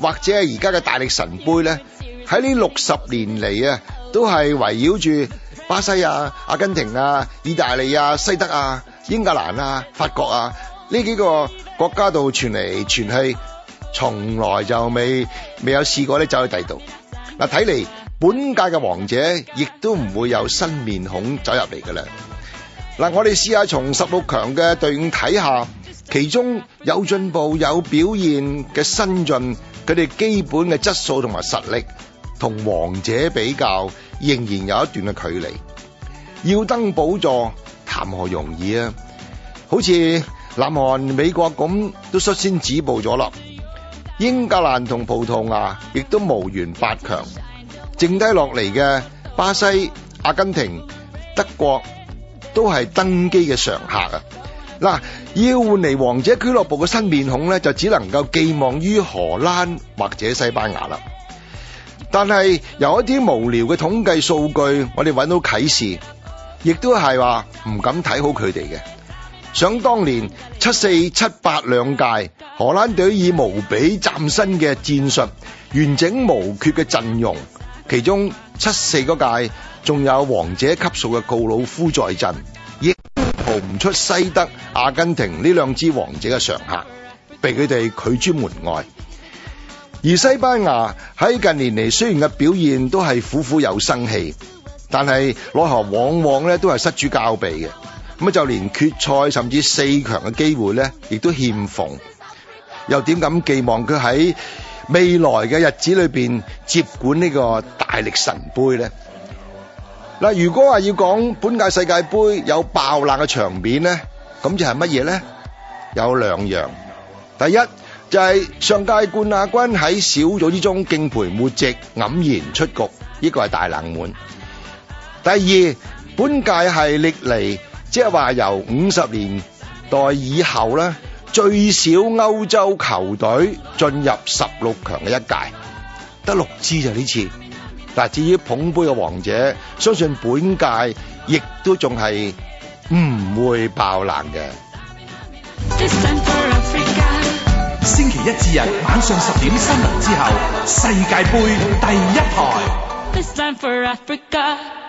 或者而家嘅大力神杯咧，喺呢六十年嚟啊，都係圍繞住巴西啊、阿根廷啊、意大利啊、西德啊、英格蘭啊、法國啊呢幾個國家度傳嚟傳去，從來就未未有試過咧走去第度。嗱，睇嚟本屆嘅王者亦都唔會有新面孔走入嚟噶啦。嗱，我哋試下從十六強嘅隊伍睇下。其中有進步有表現嘅新進，佢哋基本嘅質素同埋實力，同王者比較仍然有一段嘅距離。要登寶座，談何容易啊！好似南韓、美國咁都率先止步咗咯。英格蘭同葡萄牙亦都無緣八強，剩低落嚟嘅巴西、阿根廷、德國都係登基嘅常客啊！嗱，要換嚟王者俱樂部嘅新面孔咧，就只能夠寄望於荷蘭或者西班牙啦。但係由一啲無聊嘅統計數據，我哋揾到啟示，亦都係話唔敢睇好佢哋嘅。想當年七四、七八兩屆荷蘭隊以無比嶄新嘅戰術、完整無缺嘅陣容，其中七四嗰屆仲有王者級數嘅告魯夫在陣。逃唔出西德、阿根廷呢兩支王者嘅常客，被佢哋拒之門外。而西班牙喺近年嚟雖然嘅表現都係苦苦有生氣，但係攞何往往咧都係失之交臂嘅，咁啊就連決賽甚至四強嘅機會咧，亦都欠奉。又點敢寄望佢喺未來嘅日子裏邊接管呢個大力神盃咧？嗱，如果話要講本屆世界盃有爆冷嘅場面咧，咁就係乜嘢咧？有兩樣，第一就係上屆冠亞軍喺小組之中敬陪末席黯然出局，呢個係大冷門。第二，本屆係歷嚟即係話由五十年代以後咧最少歐洲球隊進入十六強嘅一屆，得六支就呢次。嗱，至於捧杯嘅王者，相信本屆亦都仲係唔會爆冷嘅。For Africa, 星期一至日晚上十點新聞之後，世界盃第一台。